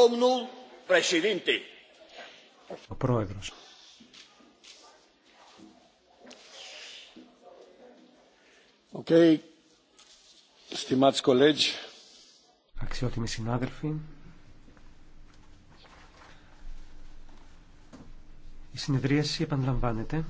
Domnul președinte. Ο πρόεδρος. Okay. Stimați colegi. Αξιότιμοι συνάδελφοι. Η συνεδρίαση επαναλαμβάνεται.